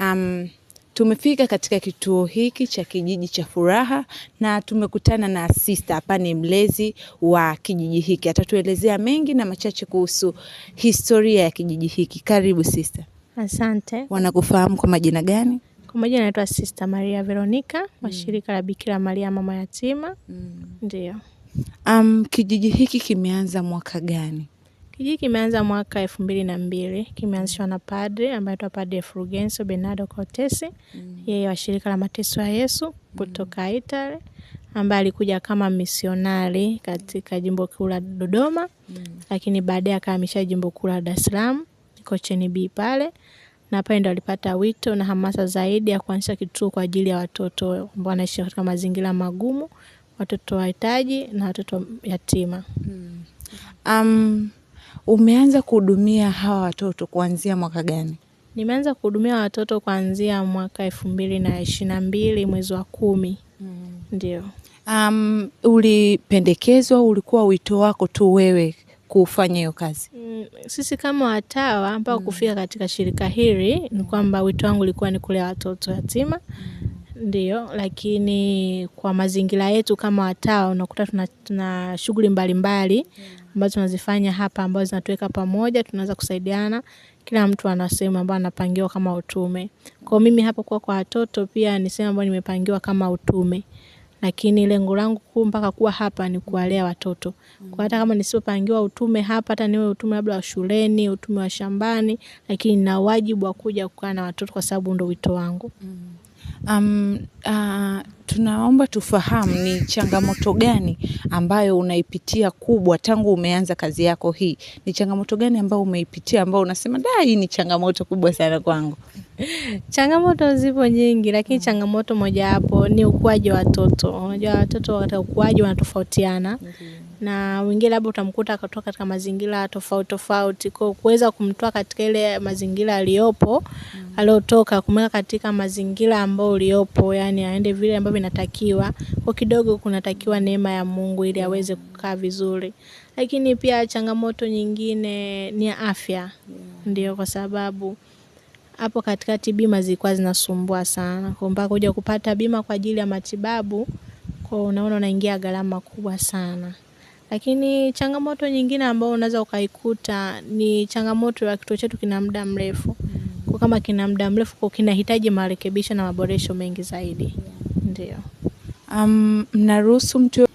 Um, tumefika katika kituo hiki cha kijiji cha Furaha na tumekutana na sista hapa, ni mlezi wa kijiji hiki, atatuelezea mengi na machache kuhusu historia ya kijiji hiki. Karibu sista. Asante. Wanakufahamu kwa majina gani? Kwa majina anaitwa Sista Maria Veronica wa mm. shirika la Bikira Maria mama yatima mm. Ndio. Um, kijiji hiki kimeanza mwaka gani? Kijiji kimeanza mwaka elfu mbili na mbili kimeanzishwa na padre ambaye anaitwa Padre Frugenso Bernardo Cortese mm. yeye wa shirika la mateso ya Yesu kutoka mm. Italy ambaye alikuja kama misionari katika jimbo kuu la Dodoma mm. lakini baadaye akahamisha jimbo kuu la Dar es Salaam Kocheni B pale na pale ndo alipata wito na hamasa zaidi ya kuanzisha kituo kwa ajili ya watoto ambao wanaishi katika mazingira magumu, watoto wahitaji na watoto yatima mm. um, Umeanza kuhudumia hawa watoto kuanzia mwaka gani? Nimeanza kuhudumia watoto kuanzia mwaka elfu mbili na ishirini na mbili mwezi wa kumi. Mm. Ndio. Um, ulipendekezwa? Ulikuwa wito wako tu wewe kufanya hiyo kazi? Mm, sisi kama watawa ambao mm. kufika katika shirika hili ni kwamba wito wangu ulikuwa ni kulea watoto yatima mm. Ndiyo, lakini kwa mazingira yetu kama wataa, unakuta tuna, tuna shughuli mbalimbali ambazo tunazifanya hapa, ambazo zinatuweka pamoja, tunaweza kusaidiana, kila mtu ana sehemu ambayo anapangiwa kama utume. Kwa mimi hapo kuwa kwa watoto, pia ni sehemu ambayo nimepangiwa kama utume, lakini lengo langu kuu mpaka kuwa hapa ni kuwalea watoto. Kwa hata kama nisipopangiwa utume hapa, hata niwe utume labda wa shuleni, utume wa shambani, lakini nina wajibu wa kuja kukaa na watoto kwa sababu ndo wito wangu. mm -hmm. Um, uh, tunaomba tufahamu ni changamoto gani ambayo unaipitia kubwa tangu umeanza kazi yako hii. Ni changamoto gani ambayo umeipitia ambayo unasema da, hii ni changamoto kubwa sana kwangu? Changamoto zipo nyingi, lakini mm. changamoto mojawapo ni ukuaji wa watoto. Unajua watoto katika ukuaji wanatofautiana. mm -hmm na wengine labda utamkuta akatoka katika mazingira tofauti tofauti, kwa kuweza kumtoa katika ile mazingira aliyopo mm. aliyotoka kumweka katika mazingira ambayo uliopo, yani aende vile ambavyo inatakiwa. Kwa kidogo kunatakiwa neema ya Mungu ili aweze kukaa vizuri, lakini pia changamoto nyingine ni afya yeah. Ndio kwa sababu hapo katikati bima zilikuwa zinasumbua sana, kwa mpaka kuja kupata bima kwa ajili ya matibabu, kwa unaona unaingia gharama kubwa sana. Lakini changamoto nyingine ambayo unaweza ukaikuta ni changamoto ya kituo chetu kina muda mrefu. Kwa kama kina muda mrefu kwa kinahitaji marekebisho na maboresho mengi zaidi. ndio Um, mnaruhusu mtu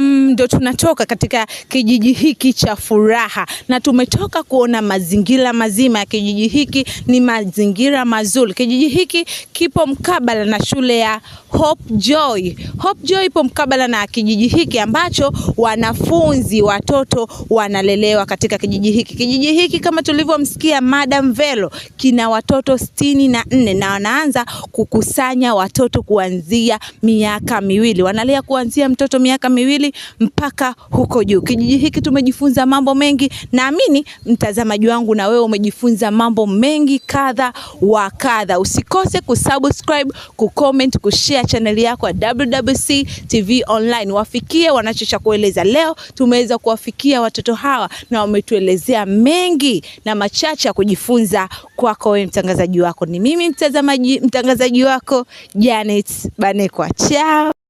ndo um, tunatoka katika kijiji hiki cha furaha na tumetoka kuona mazingira mazima ya kijiji hiki, ni mazingira mazuri. Kijiji hiki kipo mkabala na shule ya Hope Joy. Hope Joy ipo mkabala na kijiji hiki ambacho wanafunzi watoto wanalelewa katika kijiji hiki. Kijiji hiki kama tulivyomsikia Madam Velo kina watoto sitini na nne na wanaanza kukusanya watoto kuanzia miaka miwili, wanalea kuanzia mtoto miaka miwili miwili mpaka huko juu. Kijiji hiki tumejifunza mambo mengi, naamini mtazamaji wangu na wewe umejifunza mambo mengi kadha wa kadha. Usikose kusubscribe, kucomment, kushare chaneli yako ya WWC TV online, wafikie wanacho cha kueleza. Leo tumeweza kuwafikia watoto hawa na wametuelezea mengi na machache ya kujifunza kwako wewe mtangazaji wako. Ni mimi mtazamaji, mtangazaji wako Janet Banekwa. Chao.